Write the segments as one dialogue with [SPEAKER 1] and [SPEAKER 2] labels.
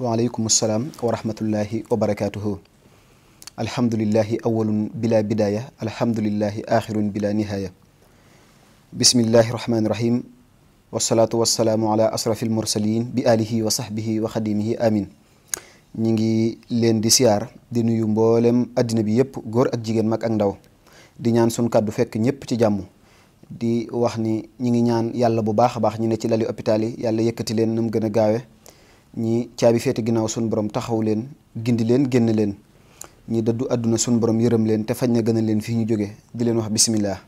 [SPEAKER 1] وعليكم السلام ورحمة الله وبركاته الحمد لله أول بلا بداية الحمد لله آخر بلا نهاية بسم الله الرحمن الرحيم والصلاة والسلام على أسرف المرسلين بآله وصحبه وخديمه آمين نيجي لين ديسيار دي نيو مبولم أدنبي يب غور أجيجن ماك أنداو di ñaan suñ kaddu fekk ñepp ci jamm di wax ni ñi ngi ñaan yalla bu baax baax ñi ne ci lali hôpital yi yalla yëkëti leen nam gëna gaawé ñi ciabi fété ginaaw suñ borom taxaw leen gindi leen genn leen ñi dëddu aduna suñ borom yërem leen te fañ gëna leen fi ñu joggé di leen wax bismillah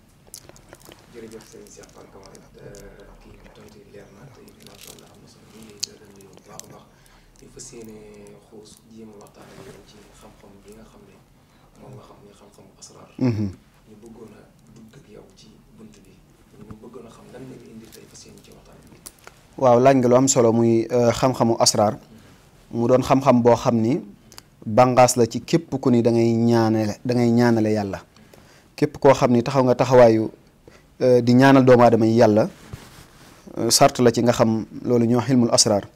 [SPEAKER 1] Mm-hmm. waaw laaj nga lu am solo muy euh, xam-xamu asraar mu doon xam-xam boo xam ni bàngaas la ci képp ku ni da ngay ñaanale da ngay ñaanale yàlla képp koo xam taxaw nga taxawaayu euh, di ñaanal doomu aadama yi yàlla euh, sart la ci nga xam loolu ñoo xilmul asraar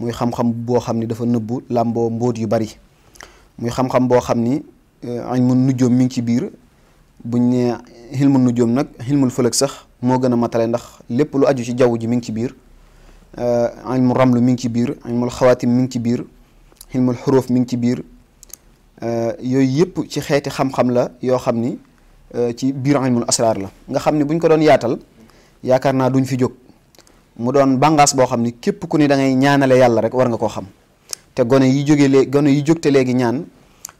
[SPEAKER 1] muy xam-xam boo xam ni dafa nëbbu làmboo mbóot yu bari muy xam-xam boo xam ni añ mun nujjoom mi ngi ci biir buñ ne xilmul nujjoom nag xilmul fëlëg sax moo gën a ndax lépp lu aju ci jaww ji mi ngi ci biir ilmul ramlu mi ngi ci biir ilmul xawaatim mi ngi ci bir, ilmul xuróof mi ngi ci biir yooyu yëpp ci xeeti xam-xam la yoo xam ni ci biir ilmul asraar la nga xam ni buñ ko doon yaatal yaakaar duñ fi jog mu doon bàngaas boo xam ni ku ni da ngay ñaanale rek war nga xam te gone yi jógee léegi gone yi jógte ñaan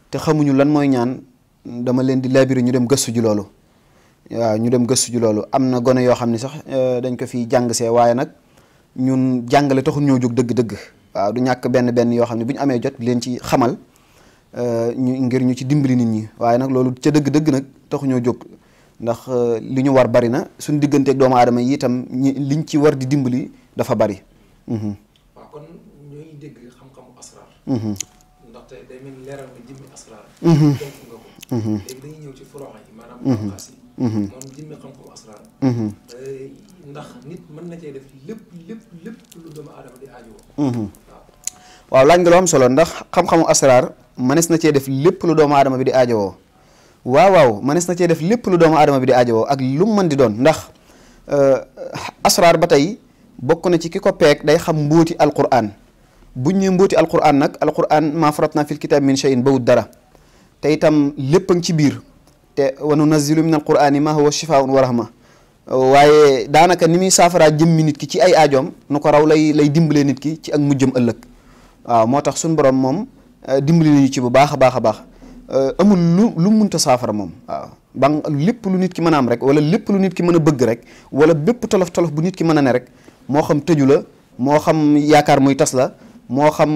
[SPEAKER 1] te xamuñu lan mooy ñaan dama leen di laabiri ñu dem gëstu ji loolu waaw ñu dem gëstu ji loolu am na gone yoo sax euh, dañ ko fi ñun jàngale taxul ñoo jóg dëgg-dëgg waaw du ñàkk benn benn yoo xam ne bu ñu amee jot leen ci xamal euh, ñu ngir ñu ci dimbali nit ñi waaye nag loolu ca dëgg-dëgg nag taxu ñoo jóg ndax euh, li ñu war bari na suñ digganteeg doomu aadama yi itam ñi liñ ci war di dimbali dafa bari. Mhm. waaw kon moom jëmme xam mhm. eh,
[SPEAKER 2] na cee def lépp lépp
[SPEAKER 1] mhm. waaw laaj nga lu am solo ndax xam-xamu asraar mënees na cee def lépp lu doomu adama bi di aajowoo waaw waaw mënees na cee def lépp lu doomu adama bi di aajowoo ak lu mu mën di doon ndax eh, asraar ba tey bokk na ci ki ko peeg day xam mbóoti alquran buñ ñëwee mbóoti alquran nag alquran maa farat naa fil kitaab min shay'in bawut dara te itam lépp a ngi ci biir te wa nunazzilu min alqurani ma huwa shifaun wa rahma waaye daanaka ni muy saafaraa jëmmi nit ki ci ay aajoom nu ko raw lay lay dimbalee nit ki ci ak mujjëm ëllëg waaw moo tax suñu borom moom euh, dimbali nañu ci bu baax a baax a baax euh, amul lu lu munta saafara moom waaw ba lépp lu nit ki mën a am rek wala lépp lu nit ki mën a bëgg rek wala bépp tolof tolof bu nit ki mën a ne rek moo xam tëju la moo xam yaakaar muy tas la moo xam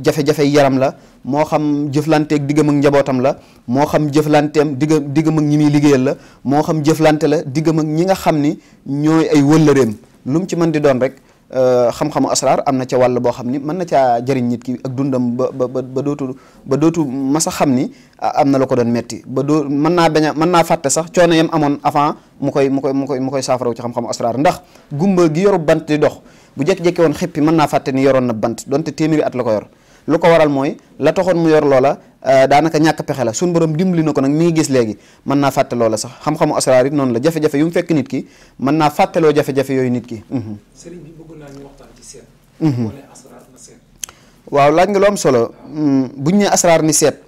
[SPEAKER 1] jafe-jafe yaram la moo xam jëflanteeg diggam ak njabootam la moo xam jëflanteem digga diggam ak ñi muy liggéeyal la moo xam jëflante la diggam ak ñi nga xam ni ñooy ay wëllëreem lu mu ci mën di doon rek euh, xam-xamu asraar am na ca wàll boo xam ni mën na caa jëriñ nit ki ak dundam ba ba ba dootu ba dootu masa xam ni am na la ko doon metti ba doo mën naa bañ a mën naa fàtte sax coono yam amoon avant mu koy mu koy mu koy mu koy saafaraw ci xam-xamu asraar ndax gumba gi yoru bant di dox bu jek jékki woon xippi man na fàtte ni yoron na bant donte téeméeri at la ko yor lu ko waral moy la taxone mu yor loola euh, daanaka ñak pexe la suñu borom dimbali nako nak mi gis legi man na lola sax xam-xamu asrar yi non la jafe-jafe yu mu fekk nit ki na naa lo jafe-jafe yoy nit ki. Mhm.
[SPEAKER 2] serigne bi bëgguna ñu waxtaan ci sét hmm
[SPEAKER 1] waaw solo mm, buñ ne asrar ni set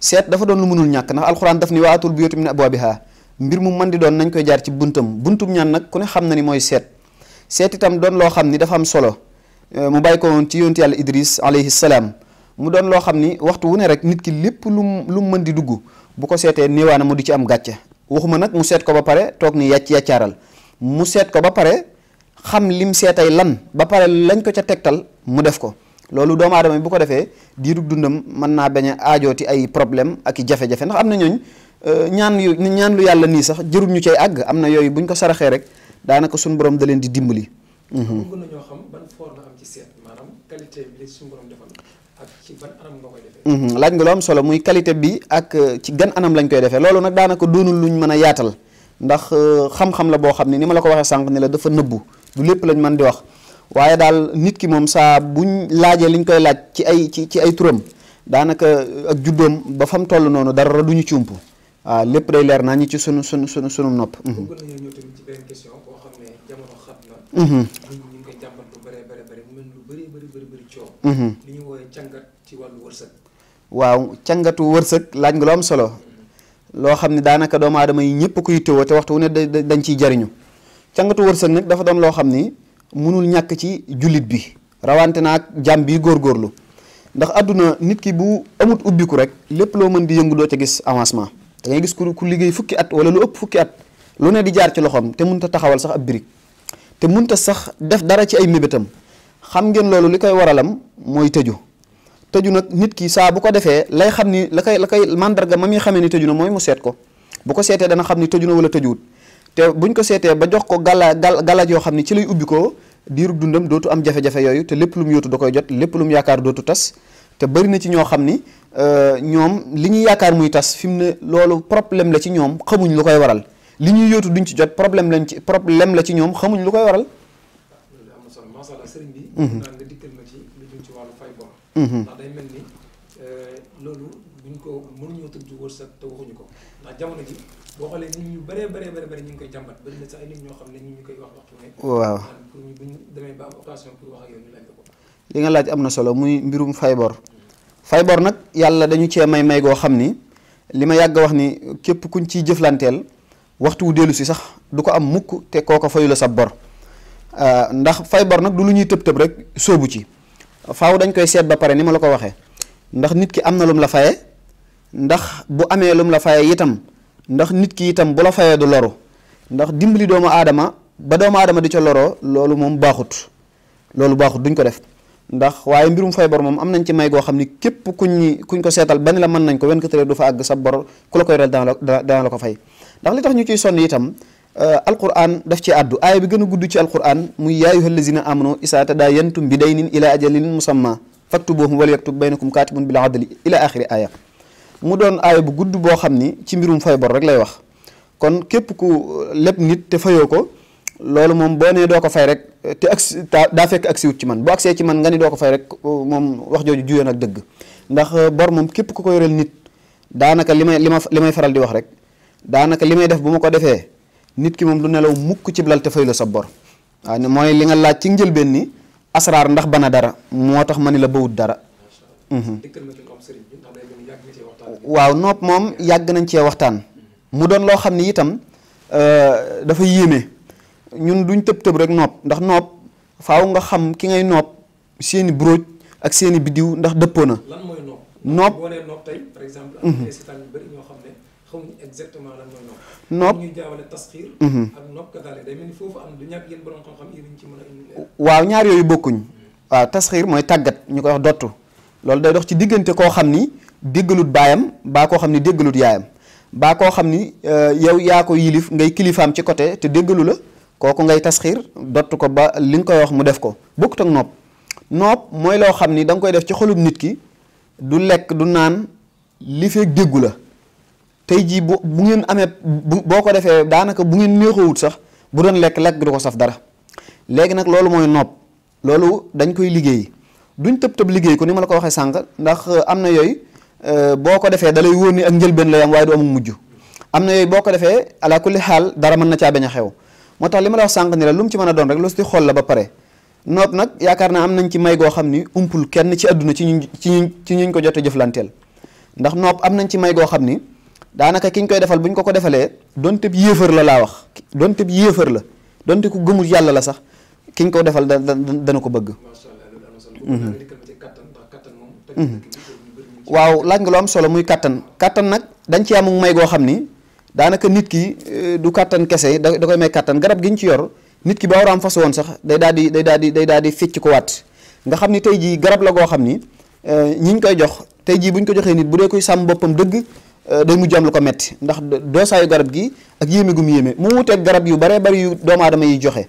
[SPEAKER 1] set dafa doon lu mënul ñak nak alxuraan daf ni waatul buyuuta min abwaabihaa mbir mu mën di doon nañ koy jaar ci buntum buntum ñaan nak ku ne xam na ni moy seet itam doon loo xam ni dafa am solo euh, mu bàyyi ko woon ci yonti yàlla Idris alayhi salaam mu doon loo xam ni waxtu wu ne rek nit ki lépp lu lu mën di dugg bu ko seetee néewaana mu di ci am gàcce waxuma nag mu seet ko ba pare toog ni yàcc yàccaaral mu seet ko ba pare xam lim seetay lan ba pare lañ ko ca tegtal mu def ko loolu doomu aadama bi bu ko defee diirug dundam mën naa bañ aajooti ay problème ak i jafe-jafe ndax am na ñooñ euh, ñaan yu ñaan lu yàlla nii sax jërum ñu àgg am na yooyu buñ ko saraxee rek danaka sun borom dalen di dimbali. bëgg mhm.
[SPEAKER 2] nañoo xam ban for am ci seet maanaam qualité bi suñu borom defal ak ci
[SPEAKER 1] ban anam nga koy defee. Mhm. laaj nga lu am solo muy qualité bi ak euh, ci gan anam lañ koy defé lolu nak danaka doonul luñu mëna yaatal ndax euh, xam-xam la bo xamni nima la ko waxe sank ni la dafa nëbbu du lepp lañ man di wax waye dal nit ki mom sa buñ laaje liñ koy laaj ci ay ci ay turam danaka euh, ak juddoom ba fam tollu nonu dara du ñu ci ump waaw day leer nañ ci sunu sunu sunu sunu nopp. Mhm.
[SPEAKER 2] bëgg nañoo ñëw tamit ci beneen question nit ñi ñu ngi koy jàmbat bu
[SPEAKER 1] waaw solo. lo xam ne daanaka doomu aadama kuy tëwoo te waxtu ne dañ ciy jariñu càngatu wërsëg nag dafa doon loo xam ni mënul ñàkk ci jullit bi rawante naa ak jàmm bi góorgóorlu ndax àdduna nit ki bu amut ubbiku rek lépp loo mën di yëngu doo ca gis avancement da ngay gis ku liggéey fukki at wala lu ëpp fukki at lu ne di jaar ci loxoom te mënut taxawal sax ab te munta sax def dara ci ay mébétam xam ngeen loolu li koy waralam mooy tëju tëju nag nit ki saa bu ko defee lay xam ni la koy la mandarga ma muy xamee ni tëju na mooy mu seet ko bu ko seetee dana xam ni tëju na wala tëjuwut te buñ ko seetee ba jox ko gala galaaj yoo xam ni ci lay ubbi ko diirub dundam dootu am jafe-jafe yooyu te lépp lu mu yóotu da koy jot lépp lu mu yaakaar dootu tas te bari na ci ñoo xam ni euh, ñoom li ñuy yaakaar muy tas fi mu ne loolu problème la ci ñoom xamuñ lu koy waral li ñuy yootu duñ ci jot problème lañ ci problème la ci ñoom xamuñ lu koy waral. am
[SPEAKER 2] na solo mhm. ci lu jëm ci wàllu mhm. euh, ko mënuñoo tëdd wërsëg ko jamono ji boo xoolee nit ñu bëree ñu ngi koy jàmbat bëri na sax ay nit ñoo ne ñu ngi koy wax waxtu demee ba
[SPEAKER 1] li nga laaj am na solo muy mbirum fay bor fay bor nag yàlla dañu cee may may goo xam ni li ma yàgg wax ni képp kuñ ciy jëflanteel waxtu wu dellu si sax du ko am mukk te koo ko la sa bor euh, ndax fay bor nag du lu ñuy tëb tëb rek soobu ci faaw dañ koy seet ba pare ni ma la ko waxee ndax nit ki am na lum la faye ndax bu amee lum la faye itam ndax nit ki itam bu la fayee du loru ndax dimbali doomu aadama ba doomu aadama di ca loroo loolu moom baaxut loolu baaxut duñ ko def ndax waaye mbirum fay bor moom am nañ ci may goo xam ni képp kuñ ñi kuñ ko seetal ba ni la mën nañ ko 24 ko du fa àgg sa bor ku la koy rel dana la ko fay ndax li tax ñu ciy Al itam euh, alquran daf ci addu ay bi gëna guddu ci alquran mu ya ayyuhal ladzina amanu isaa tadaayantum bi daynin ila ajalin musamma faktubuhu wal yaktub bainakum katibun bil adli ila akhir ayah mu doon ay bu guddu bo xamni ci mbirum fay bor rek lay wax kon kep ku euh, lepp nit te fayoko lolu mom moom do nee ko fay rek te ak da fek ak wut ci man boo ci man nga ni do ko fay rek euh, mom wax joju juyo nak deug ndax bor mom kep ku ko yorel nit danaka limay limay faral di wax rek danaka limay def buma ko defé nit ki mom lu nelaw mukk ci blal te fay la sa bor waaw ne mooy li nga laaj ci njëlbeen ni asrar ndax bana dara motax manila la bawut dara mhm. waaw nopp mom yag nañ ci waxtaan mu don lo xamni itam euh dafa yeme ñun duñ tepp tepp rek nopp ndax nopp faaw nga xam ki ngay nopp seeni broj ak seeni bidiw ndax nopp nopp
[SPEAKER 2] xamuñ exactement lan mooy nopp. nopp mhm.
[SPEAKER 1] waaw ñaar yooyu bokkuñ. Mm. waaw tasxiir mooy tàggat ñu koy wax dottu loolu day dox ci diggante koo xam ni déggalut baayam baa koo xam ni déggalut yaayam baa koo xam ni euh, yow yaa ko yilif ngay kilifaam ci côté te déggalu la kooku ngay tasxiir dottu ko ba li nga koy wax mu def ko bokkut ak nopp nopp mooy loo xam ni da koy def ci xolub nit ki du lekk du naan li fekk déggu la. tey jii bu bu ngeen amee bu boo ko defee daanaka bu ngeen neexawut sax bu doon lekk lekk du ko saf dara léegi nag loolu mooy nopp loolu dañ koy liggéey duñ tëb tëb liggéey ko ni ma la ko waxee sànq ndax euh, am na yooyu euh, boo ko defee da lay ni ak njëlbeen lay am waaye du amul mujj am na boo ko defee ala kulli xaal dara mën na caa bañ a xew moo tax li ma la wax sànq ni la lu mu ci mën a doon rek lu si xool la ba pare nopp nag yaakaar naa am nañ ci may goo xam ni umpul kenn ci àdduna ci ñu ci ñu ci ñuñ ko jot a ndax nopp am nañ ci may goo xam ni daanaka ki ñu koy defal bu ñu ko ko defalee dont bi yéefar la laa wax dont bi yéefar la donte ku gëmul yàlla la sax ki ñu ko defal da dana ko bëgg. Mhm. Mhm. waaw laaj nga lu am solo muy kàttan kàttan nag dañ ci am may goo xam ni daanaka nit ki eh, du kàttan kese da da koy may kàttan garab gi ñu ci yor nit ki ba war a am fas woon sax day daal di day daal di day daal di fecc ko waat nga xam ni tey jii garab la goo xam ni eh, ñi ñu koy jox tey jii bu ñu ko joxee nit bu de koy sàmm boppam dëgg. Euh, day mu am lu ko metti ndax doosaayu garab gi ak yéeme gu yéeme mu wuteeg garab yu baree bari yu doomaadama aadama yi joxe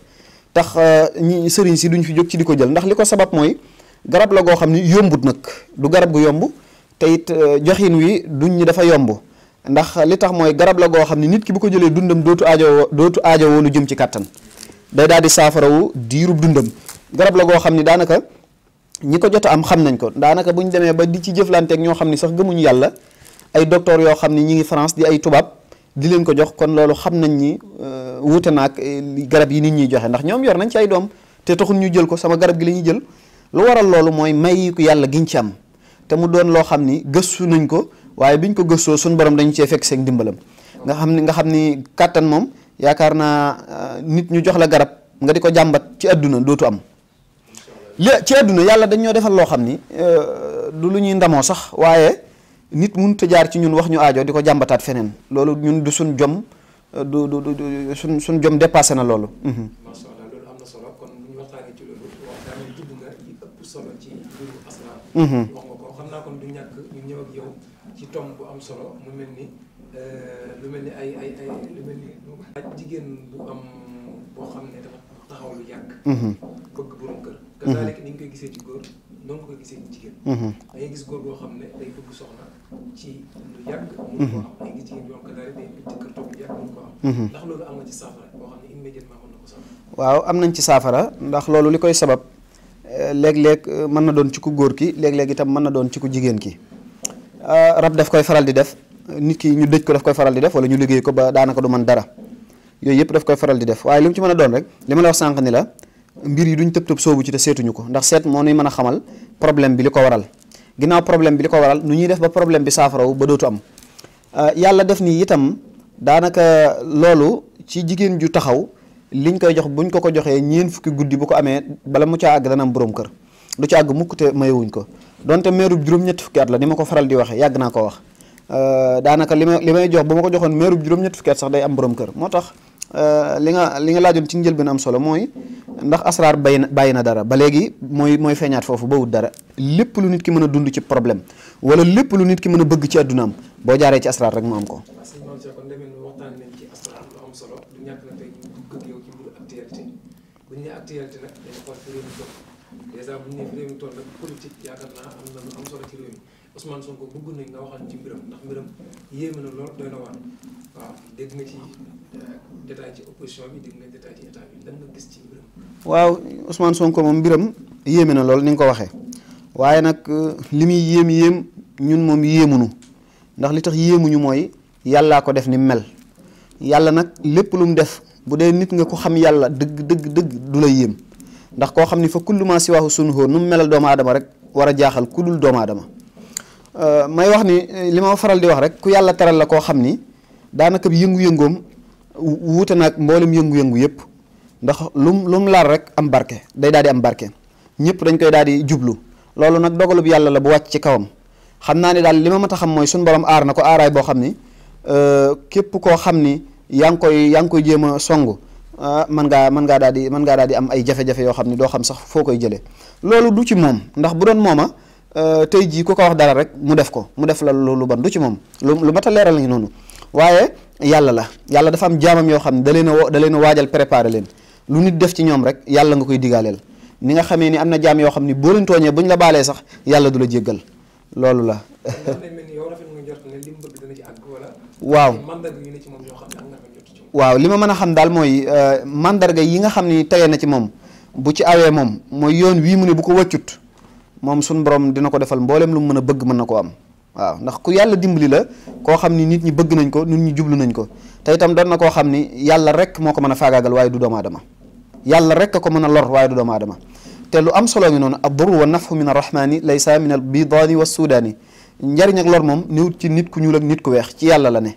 [SPEAKER 1] tax euh, ñi sëriñ si duñ fi jóg ci di ko jël ndax li ko sabab mooy garab la goo xam ni yombut nag du garab gu yomb te it euh, joxin wi duñ ñi yomb ndax li tax mooy garab la goo xam ni nit ki bu ko jëlee dundam dootu aajo dootu aajowoo lu jëm ci kàttan day daal di saafarawu diirub dundam garab la goo xam ni daanaka ñi ko jot am xam nañ ko daanaka bu ñu demee ba di ci jëflanteek ñoo xam ni sax gëmuñu yàlla ay docteur yo xamni ñi ngi France di ay tubab di leen ko jox kon lolu xamnañ nañ ni euh, wuté nak eh, garab yi nit ñi joxe ndax ñom yor nañ ci ay dom te taxun ñu jël ko sama garab gi la ñuy jël lu waral lolu moy may ku yalla giñ ci am té mu doon lo xamni geussu nañ ko waye biñ ko geusso sun borom dañ ci fekk dimbalam nga xamni nga xamni katan mom moom euh, nit ñu jox la garab nga diko ko ci aduna dootu am li ci aduna yalla dañ ñoo defal lo xamni euh du lu ñuy sax nit mun a jaar ci ñun wax ñu aajo di ko jàmbataat feneen loolu ñun du suñ jom euh, du du du suñ suñ jom dépassé na loolu. Mhm. macha
[SPEAKER 2] allah loolu am na solo kon bu ñu waxtaanee ci loolu wax daanaka jublu nga li ëpp solo ci mbiru asraar. Mhm. wax ko xam naa kon du ñàkk ñu ñëw ak yow ci tomb bu am solo mu mel ni euh, lu mel ni ay ay ay lu mel ni. jigéen bu am boo xam ne dafa. taxaw lu yàgg. Mhm. bëgg borom mhm. koy gisee ci mhm. góor boo xam ne day bëgg soxna am
[SPEAKER 1] na ko nañ ci saafara ndax loolu li koy sabab eh, léeg-léeg eh, mën na doon ci ku góor ki léeg-léeg itam mën na doon ci ku jigéen ki ah, rab daf koy faral di def nit ki ñu dëj ko daf koy faral di def wala ñu liggéey ko ba daanaka du mën dara yooyu yëpp daf koy faral di def waaye li mu ci mën a doon rek li ma la wax sànq ni la mbir yi duñ tëb tëb soobu ci te seetuñu ko ndax seet moo nuy mën a xamal problème bi li ko waral ginnaaw problème bi li ko waral nu ñuy def ba problème bi saafaraw ba dootu am euh, yàlla def nii itam daanaka loolu ci jigéen ju taxaw liñ koy jox bu ñu ko ko joxee ñeen fukki guddi bu ko amee bala mu caa àgg dana am borom kër du ci àgg mukk te mayewuñ ko donte meerub juróom-ñetti fukki at la ni ma ko faral di waxee yàgg naa ko wax euh, daanaka li ma li may bu ma ko joxoon meerub juróom-ñetti day am borom kër moo tax Euh, li nga li nga laajoon ci njëlbeen am solo mooy ndax asraar bay na bàyyi na dara ba léegi mooy mooy feeñaat foofu ba wut dara lépp lu nit ki mën a dund ci problème wala lépp lu nit ki mën a bëgg ci àddunaam boo jaaree ci asraar rek mu am ko.
[SPEAKER 2] waaw Ousmane Sonko bëggu nañ nga waxal ci mbiram ndax mbiram yéme na lool doyna na waaw dégg nga ci euh, détail ci opposition bi dégg nga détail ci état bi lan nga gis ci mbiram.
[SPEAKER 1] waaw Ousmane Sonko mom mbiram yéme na lool ni nga ko waxé waaye nak euh, limi muy yéem yéem ñun moom yéemunu ndax li tax yéemuñu moy yalla ko def ni mel yalla nak lepp lu mu def bu dee nit nga ko xam yalla deug deug deug du la yéem ndax ko xamni fa kullu ma siwahu sunhu sunu nu mu melal doomu aadama rek wara jaaxal kudul doom doomu Euh, may wax ni euh, lima faral di wax rek ku yalla teral la ko xamni danaka bi yengu yëngoom wuute nak mbolim yengu yengu yep ndax lum lum la rek am barke day daal am barke dañ koy jublu jublu nak dogalu bi yalla la bu wacc ci kawam xamna ni dal lima li ma xam borom ar nako ko bo xamni euh kep ko xamni yang mangga koy yang koy jema songu ah, man nga man nga ngaa man nga am ay jafe-jafe yo xamni do xam sax foo koy jëlee du ci mom ndax bu doon moma Euh, tey jii ku ko wax dara rek mu def ko mu def la lu ban du ci moom lu lu mat a leeral lañu noonu waaye yàlla la yàlla dafa am jaamam yoo xam ne da leen a da leen waajal préparé leen lu nit def ci ñoom rek yàlla nga koy digaaleel ni nga xamee ni am na jaam yoo xam ni boo leen tooñee buñ la baalee sax yàlla du la jéggal loolu la. waaw waaw li ma mën a xam daal mooy euh, mandarga yi nga xam ni tege na ci moom bu ci awee moom mooy yoon wii mu ne bu ko wëccut. mom sun borom dina ko defal mbollem lu meuna bëgg meuna ko am waaw ndax ku yàlla dimbali la ko xamni nit ñi bëgg nañ ko nit ñi jublu nañ ko tay tam don na ko xamni yàlla rek moko meuna fagaagal way du dooma aadama yàlla rek ko meuna lor way du dooma aadama te lu am solo ngi non abdur wa nafhu min arrahmani laysa min albidani wa njariñ ak lor mom néewut ci nit ku ñuul ak nit ku wex ci yàlla la ne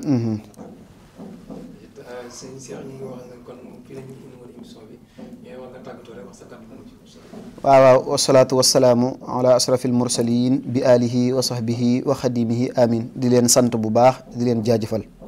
[SPEAKER 1] mm وعلى الصلاة والسلام على أشرف المرسلين بآله وصحبه وخديمه آمين دلين سنت بباخ دلين جاجفل